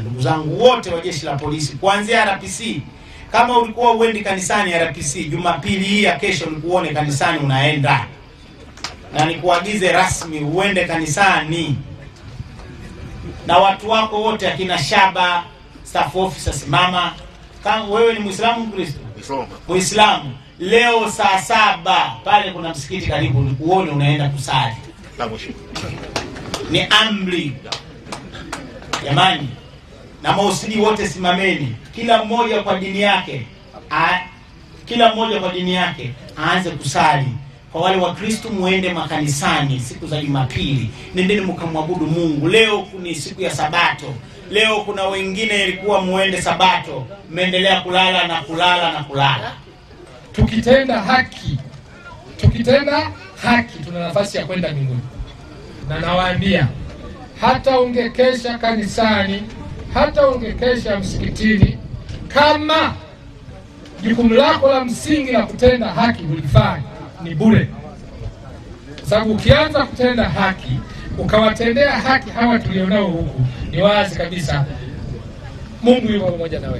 Ndugu zangu wote wa jeshi la polisi, kuanzia RPC, kama ulikuwa uendi kanisani RPC, Jumapili hii ya kesho nikuone kanisani unaenda, na nikuagize rasmi uende kanisani na watu wako wote, akina Shaba staff officer, simama. Kama wewe ni Muislamu, Mkristo, Muislamu, leo saa saba pale kuna msikiti karibu, nikuone unaenda kusali. Ni amri jamani na mausili wote simameni, kila mmoja kwa dini yake a, kila mmoja kwa dini yake aanze kusali. Kwa wale Wakristo muende makanisani siku za Jumapili, nendeni mkamwabudu Mungu. Leo ni siku ya Sabato. Leo kuna wengine ilikuwa muende Sabato, mmeendelea kulala na kulala na kulala. Tukitenda haki, tukitenda haki, tuna nafasi ya kwenda mbinguni, na nawaambia hata ungekesha kanisani hata ungekesha msikitini, kama jukumu lako la msingi la kutenda haki ulifanya ni bure, sababu ukianza kutenda haki ukawatendea haki hawa tulionao huku, ni wazi kabisa Mungu yuko pamoja na wewe.